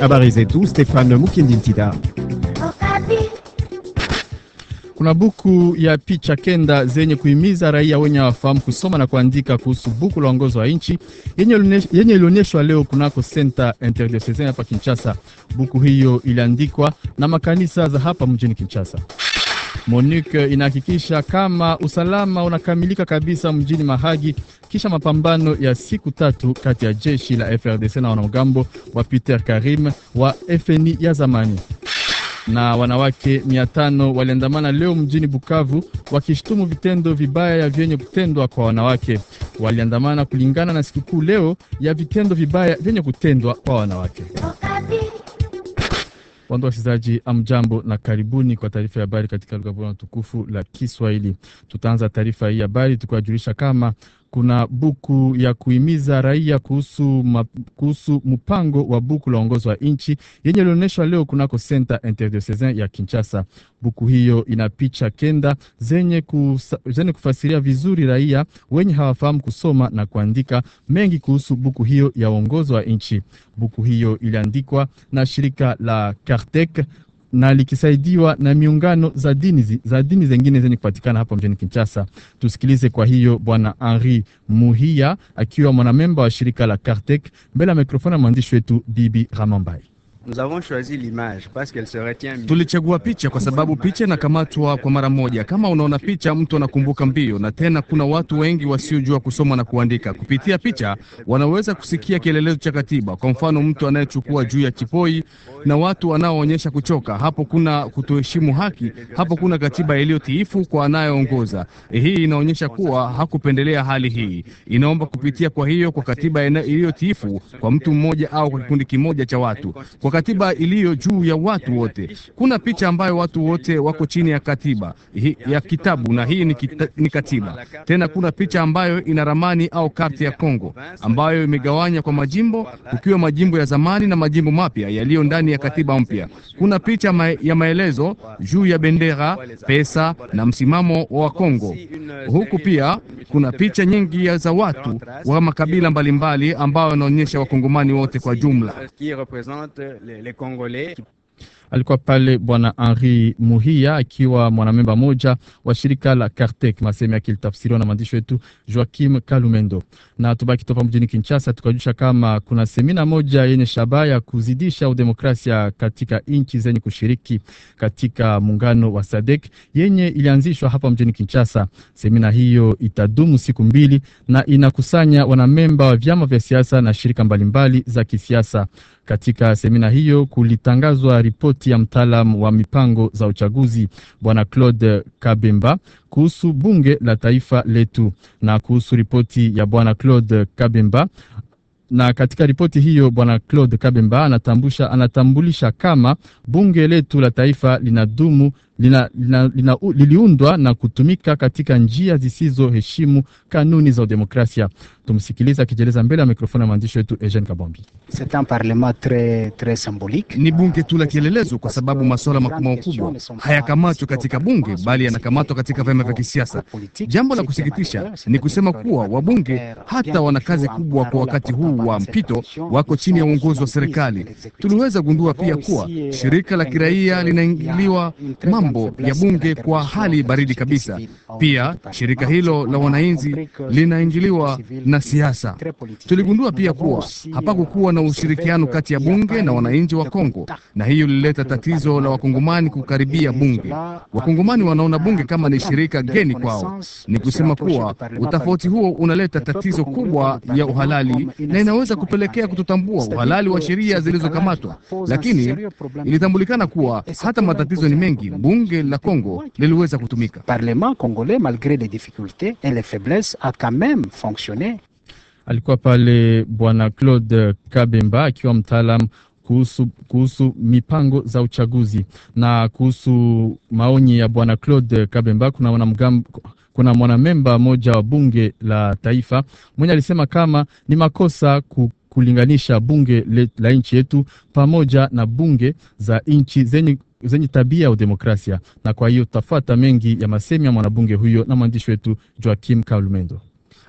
Habari zetu Stéphane Mukindintida. Kuna buku ya picha kenda zenye kuhimiza raia wenye wafahamu kusoma na kuandika kuhusu buku la uongozi wa nchi yenye ilionyeshwa leo kunako senta interdiocesaine hapa Kinshasa. Buku hiyo iliandikwa na makanisa za hapa mjini Kinshasa. Monique inahakikisha kama usalama unakamilika kabisa mjini Mahagi kisha mapambano ya siku tatu kati ya jeshi la FRDC na wanamgambo wa Peter Karim wa FNI ya zamani. Na wanawake mia tano waliandamana leo mjini Bukavu wakishtumu vitendo vibaya ya vyenye kutendwa kwa wanawake. Waliandamana kulingana na sikukuu leo ya vitendo vibaya vyenye kutendwa kwa wanawake. Wapendwa wasikilizaji, amjambo na karibuni kwa taarifa ya habari katika lugha bora na tukufu la Kiswahili. Tutaanza taarifa hii habari tukiwajulisha kama kuna buku ya kuhimiza raia kuhusu, kuhusu mpango wa buku la uongozi wa nchi yenye ilionyeshwa leo kunako Centre Interdiocesain ya Kinshasa. Buku hiyo ina picha kenda zenye, kusa, zenye kufasiria vizuri raia wenye hawafahamu kusoma na kuandika mengi kuhusu buku hiyo ya uongozi wa nchi. Buku hiyo iliandikwa na shirika la Cartec na likisaidiwa na miungano za dini, za dini zengine zenye kupatikana hapa mjini Kinshasa. Tusikilize kwa hiyo Bwana Henri Muhia akiwa mwanamemba wa shirika la cartec mbele ya mikrofoni ya mwandishi wetu Bibi Ramambai. Tulichagua picha kwa sababu picha inakamatwa kwa mara moja. Kama unaona picha, mtu anakumbuka mbio, na tena kuna watu wengi wasiojua kusoma na kuandika. Kupitia picha, wanaweza kusikia kielelezo cha katiba, kwa mfano mtu anayechukua juu ya chipoi na watu wanaoonyesha kuchoka. Hapo kuna kutoheshimu haki, hapo kuna katiba iliyotiifu kwa anayeongoza. Hii inaonyesha kuwa hakupendelea hali hii, inaomba kupitia kwa hiyo kwa katiba iliyotiifu kwa mtu mmoja au kwa kikundi kimoja cha watu kwa katiba iliyo juu ya watu wote. Kuna picha ambayo watu wote wako chini ya katiba hi, ya kitabu na hii ni, kita, ni katiba. Tena kuna picha ambayo ina ramani au karti ya Kongo ambayo imegawanya kwa majimbo, kukiwa majimbo ya zamani na majimbo mapya yaliyo ndani ya katiba mpya. Kuna picha ma, ya maelezo juu ya bendera, pesa na msimamo wa Kongo. Huku pia kuna picha nyingi za watu wa makabila mbalimbali ambao wanaonyesha wakongomani wote kwa jumla. les, Congolais alikuwa pale bwana Henri Muhia akiwa mwanamemba moja wa shirika la Cartec. maseme yake ilitafsiriwa na mwandishi wetu Joaquim Kalumendo. Na tubaki topa mjini Kinshasa, tukajusha kama kuna semina moja yenye shabaha ya kuzidisha udemokrasia katika nchi zenye kushiriki katika muungano wa Sadek yenye ilianzishwa hapa mjini Kinshasa. Semina hiyo itadumu siku mbili na inakusanya wanamemba wa vyama vya siasa na shirika mbalimbali za kisiasa. Katika semina hiyo kulitangazwa ripoti ripoti ya mtaalam wa mipango za uchaguzi Bwana Claude Kabemba kuhusu bunge la taifa letu na kuhusu ripoti ya Bwana Claude Kabemba na katika ripoti hiyo bwana Claude Kabemba anatambusha, anatambulisha kama bunge letu la taifa linadumu lina, lina, lina, liliundwa na kutumika katika njia zisizoheshimu kanuni za demokrasia. Tumsikiliza akijeleza mbele ya mikrofoni ya mwandishi wetu Eugene Kabombi. Ni bunge tu la kielelezo, kwa sababu masuala makubwa hayakamatwi katika bunge, bali yanakamatwa katika vyama vya kisiasa. Jambo la kusikitisha ni kusema kuwa wabunge hata wana kazi kubwa kwa wakati huu wa mpito, wako chini ya uongozi wa serikali. Tuliweza gundua pia kuwa shirika la euh, kiraia linaingiliwa mitambo ya bunge kwa hali baridi kabisa. Pia shirika hilo la wananchi linaingiliwa na siasa. Tuligundua pia kuwa hapakukuwa na ushirikiano kati ya bunge na wananchi wa Kongo, na hiyo lilileta tatizo la wakongomani kukaribia bunge. Wakongomani wanaona bunge kama ni shirika geni kwao. Ni kusema kuwa utofauti huo unaleta tatizo kubwa ya uhalali na inaweza kupelekea kutotambua uhalali wa sheria zilizokamatwa, lakini ilitambulikana kuwa hata matatizo ni mengi bunge la Kongo liliweza kutumika. Parlement congolais malgre les difficultés et les faiblesses a quand même fonctionné. Alikuwa pale Bwana Claude Kabemba akiwa mtaalam kuhusu, kuhusu mipango za uchaguzi na kuhusu maoni ya Bwana Claude Kabemba. Kuna wanamgambo kuna mwanamemba mmoja wa bunge la taifa mwenye alisema kama ni makosa ku, kulinganisha bunge la nchi yetu pamoja na bunge za nchi zenye zenye tabia ya udemokrasia, na kwa hiyo tutafuata mengi ya masemi ya mwanabunge huyo na mwandishi wetu Joakim Kalumendo.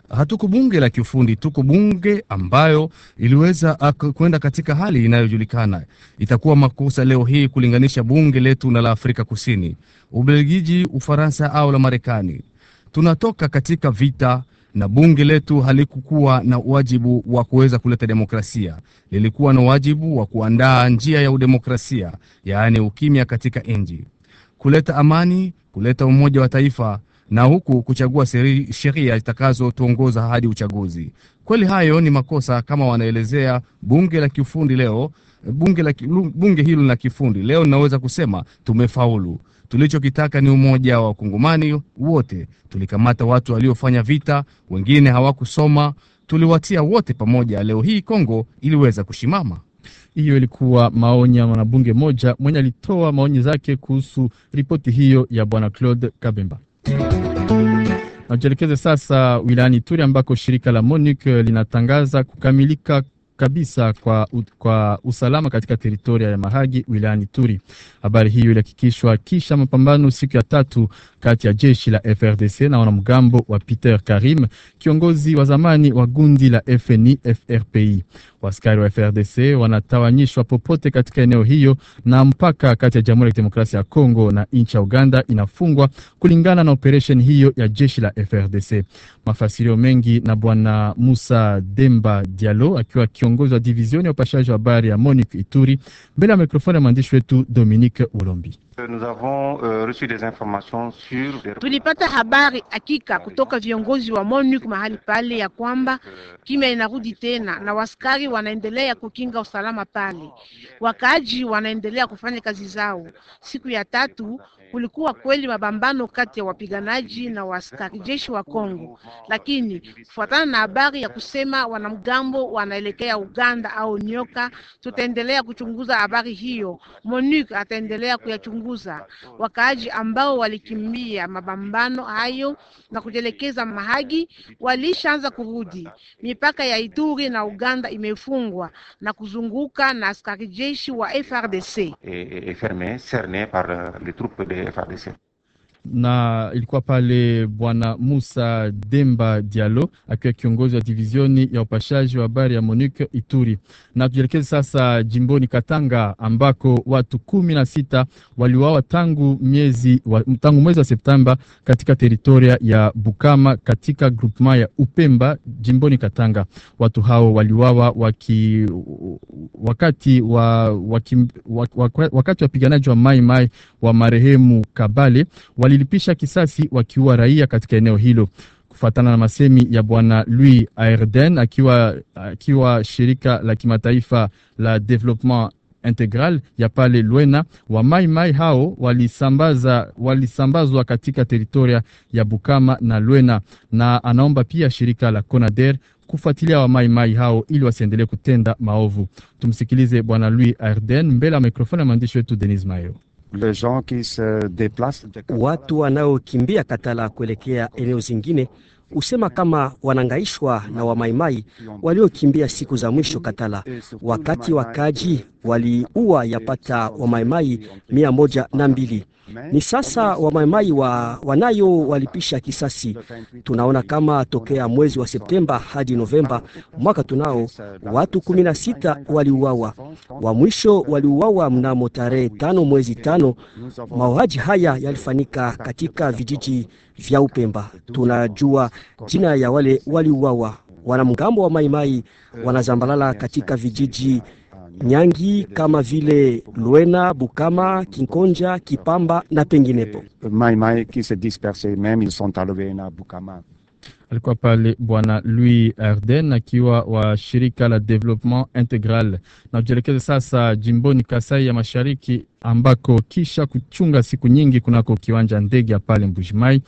Hatuko bunge la kiufundi, tuko bunge ambayo iliweza ah, kwenda katika hali inayojulikana. Itakuwa makosa leo hii kulinganisha bunge letu na la Afrika Kusini, Ubelgiji, Ufaransa au la Marekani. Tunatoka katika vita na bunge letu halikukuwa na wajibu wa kuweza kuleta demokrasia, lilikuwa na wajibu wa kuandaa njia ya udemokrasia, yaani ukimya katika nchi, kuleta amani, kuleta umoja wa taifa na huku kuchagua sheria zitakazotuongoza hadi uchaguzi. Kweli hayo ni makosa, kama wanaelezea bunge la kiufundi leo. Bunge, la, bunge hilo la kifundi leo linaweza kusema tumefaulu. Tulichokitaka ni umoja wa wakongomani wote. Tulikamata watu waliofanya vita, wengine hawakusoma, tuliwatia wote pamoja. Leo hii Kongo iliweza kushimama. Hiyo ilikuwa maoni ya mwanabunge moja mwenye alitoa maoni zake kuhusu ripoti hiyo ya bwana Claude Kabemba. Najielekeze sasa wilayani Turi ambako shirika la MONUC linatangaza kukamilika kabisa kwa, kwa usalama katika teritoria ya Mahagi wilayani Turi. Habari hiyo ilihakikishwa kisha mapambano siku ya tatu kati ya jeshi la FRDC na wanamgambo wa Peter Karim, kiongozi wa zamani wa gundi la FNI FRPI. Waskari wa FRDC wanatawanyishwa popote katika eneo hiyo, na mpaka kati ya Jamhuri ya Kidemokrasia ya Kongo na nchi ya Uganda inafungwa kulingana na operesheni hiyo ya jeshi la FRDC. Mafasirio mengi na Bwana Musa Demba Diallo akiwa kiongozi wa divisioni ya upashaji wa habari ya Monique Ituri, mbele ya mikrofoni ya mwandishi wetu Dominique Ulombi. Euh, Tulipata habari hakika kutoka viongozi wa MONUC mahali pale ya kwamba kimya inarudi tena na waskari wanaendelea kukinga usalama pale, wakaaji wanaendelea kufanya kazi zao. Siku ya tatu kulikuwa kweli mapambano kati ya wapiganaji na waskari jeshi wa Kongo, lakini kufuatana na habari ya kusema wanamgambo wanaelekea Uganda au nyoka. Tutaendelea kuchunguza habari hiyo, Monique ataendelea kuyachunguza. Wakaaji ambao walikimbia mapambano hayo na kujelekeza Mahagi walishaanza kurudi. Mipaka ya Ituri na Uganda imefungwa na kuzunguka na askari jeshi wa FRDC. e, e, par euh, les troupes de FRDC na ilikuwa pale bwana Musa Demba Diallo akiwa kiongozi wa divizioni ya upashaji wa habari ya Monique Ituri. Na tujielekeze sasa jimboni Katanga ambako watu kumi na sita waliuawa tangu miezi wa, tangu mwezi wa Septemba katika teritoria ya Bukama katika groupement ya Upemba jimboni Katanga. Watu hao waliuawa waki, wakati wa waki, wakati wapiganaji wa maimai wa marehemu Kabale wali walilipisha kisasi wakiua raia katika eneo hilo. Kufuatana na masemi ya bwana Louis arden akiwa, akiwa shirika la kimataifa la development integral ya pale Luena wa Mai Mai hao walisambaza walisambazwa katika teritoria ya Bukama na Luena, na anaomba pia shirika la Conader kufuatilia wa Mai Mai hao ili wasiendelee kutenda maovu. Tumsikilize bwana Louis Arden mbele ya mikrofoni ya mwandishi wetu Denis Mayo. Watu wanaokimbia Katala kuelekea eneo zingine husema kama wanangaishwa na wamaimai waliokimbia siku za mwisho Katala, wakati wakaji waliua yapata wamaimai mia moja na mbili. Ni sasa wamaimai wa wanayo walipisha kisasi. Tunaona kama tokea mwezi wa Septemba hadi Novemba mwaka tunao watu kumi na sita waliuawa. Wa mwisho waliuawa mnamo tarehe tano mwezi tano. Mauaji haya yalifanyika katika vijiji vya Upemba. Tunajua jina ya wale waliuawa. Wanamgambo wa maimai wanazambalala katika vijiji Nyangi kama vile Luena, Bukama, Kinkonja, Kipamba na penginepo. Alikuwa pale Bwana Louis Arden akiwa wa shirika la Development Integral. Na ujielekeze sasa jimboni Kasai ya Mashariki ambako kisha kuchunga siku nyingi kunako kiwanja ndege ya pale Mbujimai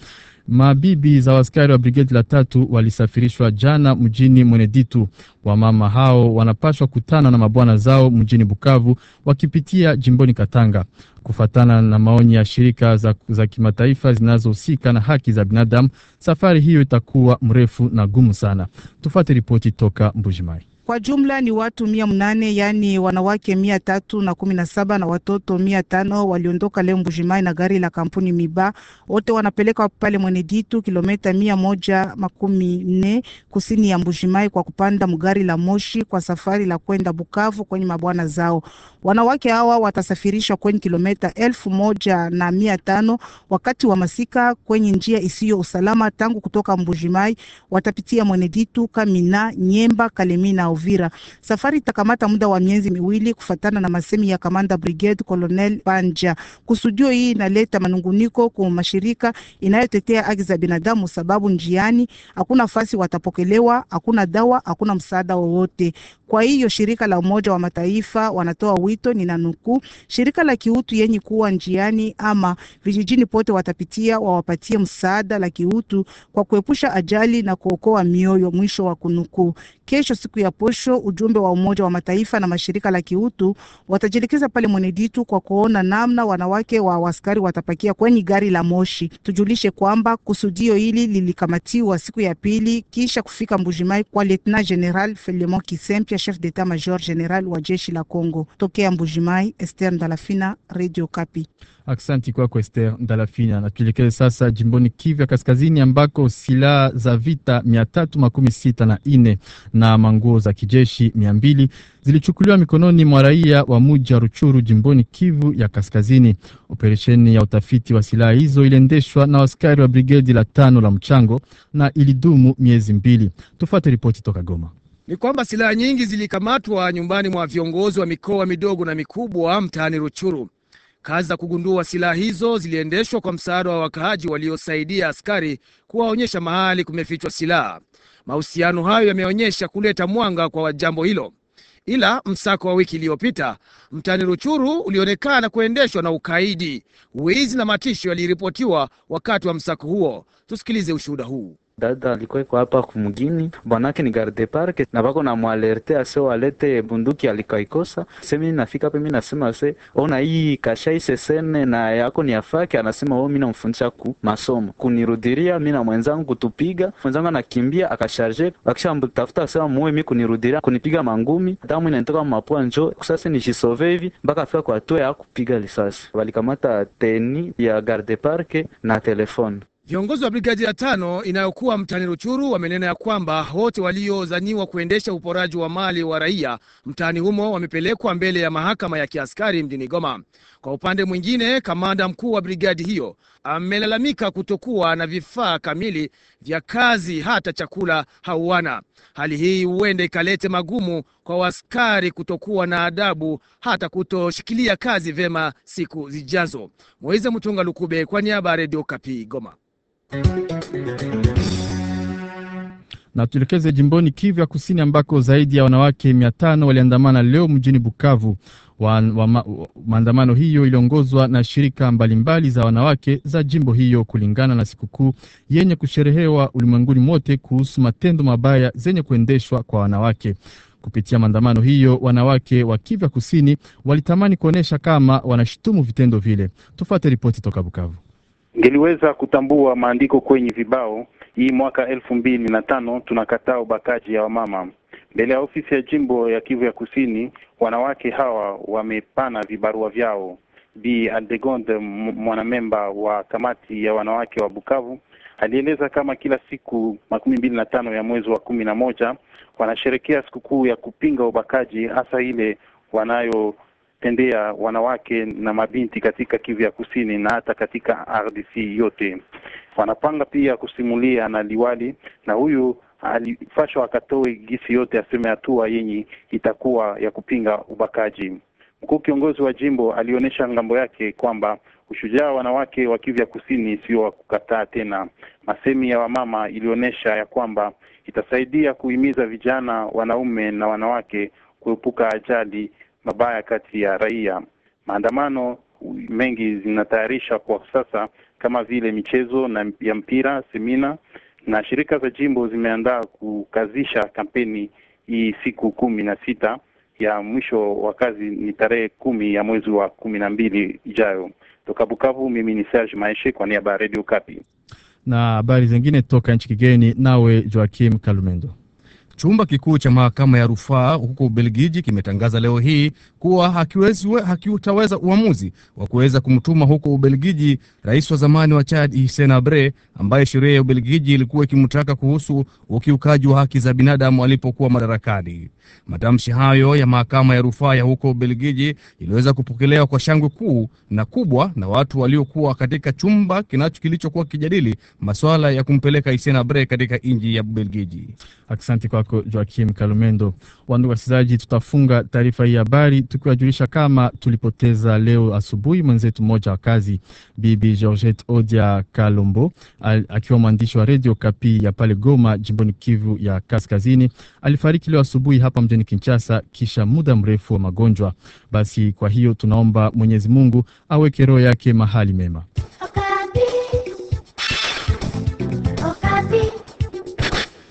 Mabibi za askari wa brigedi la tatu walisafirishwa jana mjini Mweneditu. Wamama hao wanapaswa kutana na mabwana zao mjini Bukavu wakipitia jimboni Katanga. Kufatana na maoni ya shirika za, za kimataifa zinazohusika na haki za binadamu, safari hiyo itakuwa mrefu na gumu sana. Tufate ripoti toka Mbujimai. Kwa jumla ni watu mia mnane yaani wanawake mia tatu na kumi na saba na watoto mia tano waliondoka leo Mbujimai na gari la kampuni Miba. Wote wanapelekwa pale Mweneditu, kilometa mia moja makumi nne kusini ya Mbujimai kwa kupanda mgari la moshi kwa safari la kwenda Bukavu kwenye mabwana zao. Wanawake hawa watasafirishwa kwenye kilometa elfu moja na mia tano wakati wa masika kwenye njia isiyo usalama. Tangu kutoka Mbujimai watapitia Mweneditu, Kamina, Nyemba, Kalemina Uvira. Safari itakamata muda wa miezi miwili kufatana na masemi ya kamanda brigade colonel Panja. Kusudio hii inaleta manunguniko kwa mashirika inayotetea haki za binadamu, sababu njiani hakuna fasi watapokelewa, hakuna dawa, hakuna msaada wowote. Kwa hiyo shirika la Umoja wa Mataifa wanatoa wito, ninanukuu, shirika la kiutu yenye kuwa njiani ama vijijini pote watapitia wawapatie msaada la kiutu kwa kuepusha ajali na kuokoa mioyo, mwisho wa kunukuu. Kesho siku ya po kesho ujumbe wa Umoja wa Mataifa na mashirika la kiutu watajielekeza pale Mweneditu kwa kuona namna wanawake wa waskari watapakia kwenye gari la moshi. Tujulishe kwamba kusudio hili lilikamatiwa siku ya pili kisha kufika Mbujimai kwa Lieutenant General Felemon kisempia chef d'etat major general wa jeshi la Congo. Tokea Mbujimai, Ester Ndalafina, Radio Kapi. Aksanti kwako Ester Ndalafinya. Na tuelekee sasa jimboni Kivu ya Kaskazini, ambako silaha za vita mia tatu makumi sita na nne na manguo za kijeshi mia mbili zilichukuliwa mikononi mwa raia wa muji wa Ruchuru jimboni Kivu ya Kaskazini. Operesheni ya utafiti wa silaha hizo iliendeshwa na askari wa brigedi la tano la mchango na ilidumu miezi mbili. Tufuate ripoti toka Goma ni kwamba silaha nyingi zilikamatwa nyumbani mwa viongozi wa mikoa midogo na mikubwa mtaani Ruchuru. Kazi za kugundua silaha hizo ziliendeshwa kwa msaada wa wakaaji waliosaidia askari kuwaonyesha mahali kumefichwa silaha. Mahusiano hayo yameonyesha kuleta mwanga kwa jambo hilo. Ila msako wa wiki iliyopita mtaani Ruchuru ulionekana kuendeshwa na ukaidi, wizi na matisho yaliripotiwa wakati wa msako huo. Tusikilize ushuhuda huu. Dada alikuwa iko hapa kumgini bwanake ni garde parke na bako na mwalerte ase walete bunduki alikaikosa. Se mimi nafika pe mimi nasema se ona hii kasha ise sene na yako ni afake, anasema wewe, oh, mimi namfundisha ku masomo kunirudiria mimi na mwenzangu kutupiga. Mwenzangu anakimbia akasharje, akisha mtafuta asema muwe mi kunirudiria kunipiga mangumi, damu inatoka mapua njo kusasi nijisove hivi mpaka afika kwa hatua ya kupiga lisasi Walikamata teni ya garde parke na telefone Viongozi wa brigadi ya tano inayokuwa mtaani Ruchuru wamenena ya kwamba wote waliozaniwa kuendesha uporaji wa mali wa raia mtaani humo wamepelekwa mbele ya mahakama ya kiaskari mjini Goma. Kwa upande mwingine, kamanda mkuu wa brigadi hiyo amelalamika kutokuwa na vifaa kamili vya kazi, hata chakula hauwana. Hali hii huenda ikalete magumu kwa waskari kutokuwa na adabu, hata kutoshikilia kazi vema siku zijazo. Moize Mtunga Lukube kwa niaba ya Redio Kapi Goma. Na tuelekeze jimboni Kivu ya Kusini ambako zaidi ya wanawake mia tano waliandamana leo mjini Bukavu. Maandamano hiyo iliongozwa na shirika mbalimbali mbali za wanawake za jimbo hiyo, kulingana na sikukuu yenye kusherehewa ulimwenguni mote kuhusu matendo mabaya zenye kuendeshwa kwa wanawake. Kupitia maandamano hiyo, wanawake wa Kivu ya Kusini walitamani kuonyesha kama wanashutumu vitendo vile. Tufate ripoti toka Bukavu ngeliweza kutambua maandiko kwenye vibao hii mwaka elfu mbili na tano tunakataa ubakaji ya wamama mbele ya ofisi ya jimbo ya Kivu ya Kusini. Wanawake hawa wamepana vibarua vyao. Bi Aldegonde, mwanamemba wa kamati ya wanawake wa Bukavu, alieleza kama kila siku makumi mbili na tano ya mwezi wa kumi na moja wanasherekea sikukuu ya kupinga ubakaji, hasa ile wanayo tendea wanawake na mabinti katika Kivya Kusini na hata katika RDC yote. Wanapanga pia kusimulia na liwali, na huyu alipashwa akatoe gisi yote, aseme hatua yenye itakuwa ya kupinga ubakaji. Mkuu kiongozi wa jimbo alionyesha ngambo yake kwamba ushujaa wanawake wa Kivya Kusini sio wa kukataa tena. Masemi ya wamama ilionyesha ya kwamba itasaidia kuhimiza vijana, wanaume na wanawake kuepuka ajali mabaya kati ya raia. Maandamano mengi zinatayarisha kwa sasa kama vile michezo na ya mpira, semina na shirika za jimbo zimeandaa kukazisha kampeni hii siku kumi na sita ya mwisho wa kazi ni tarehe kumi ya mwezi wa kumi na mbili ijayo. Toka Bukavu, mimi ni Serge Maeshe kwa niaba ya Radio Kapi na habari zingine toka nchi kigeni. Nawe Joakim Kalumendo. Chumba kikuu cha mahakama ya rufaa huko Ubelgiji kimetangaza leo hii kuwa hakiutaweza uamuzi wa kuweza kumtuma huko Ubelgiji rais wa zamani wa Chad hisen Habre ambaye sheria ya Ubelgiji ilikuwa ikimtaka kuhusu ukiukaji wa haki za binadamu alipokuwa madarakani. Matamshi hayo ya mahakama ya rufaa ya huko Ubelgiji iliweza kupokelewa kwa shangwe kuu na kubwa na watu waliokuwa katika chumba kinacho kilichokuwa kijadili masuala ya kumpeleka Hissene Habre katika nchi ya Ubelgiji. Asante kwa wako Joachim Kalumendo. Wandugu wasikilizaji, tutafunga taarifa hii habari tukiwajulisha kama tulipoteza leo asubuhi mwenzetu mmoja wa kazi, Bibi Georgette Odia Kalombo, akiwa mwandishi wa redio Kapi ya pale Goma, jimboni Kivu ya Kaskazini. Alifariki leo asubuhi hapa mjini Kinshasa kisha muda mrefu wa magonjwa. Basi kwa hiyo tunaomba Mwenyezi Mungu aweke roho yake mahali mema.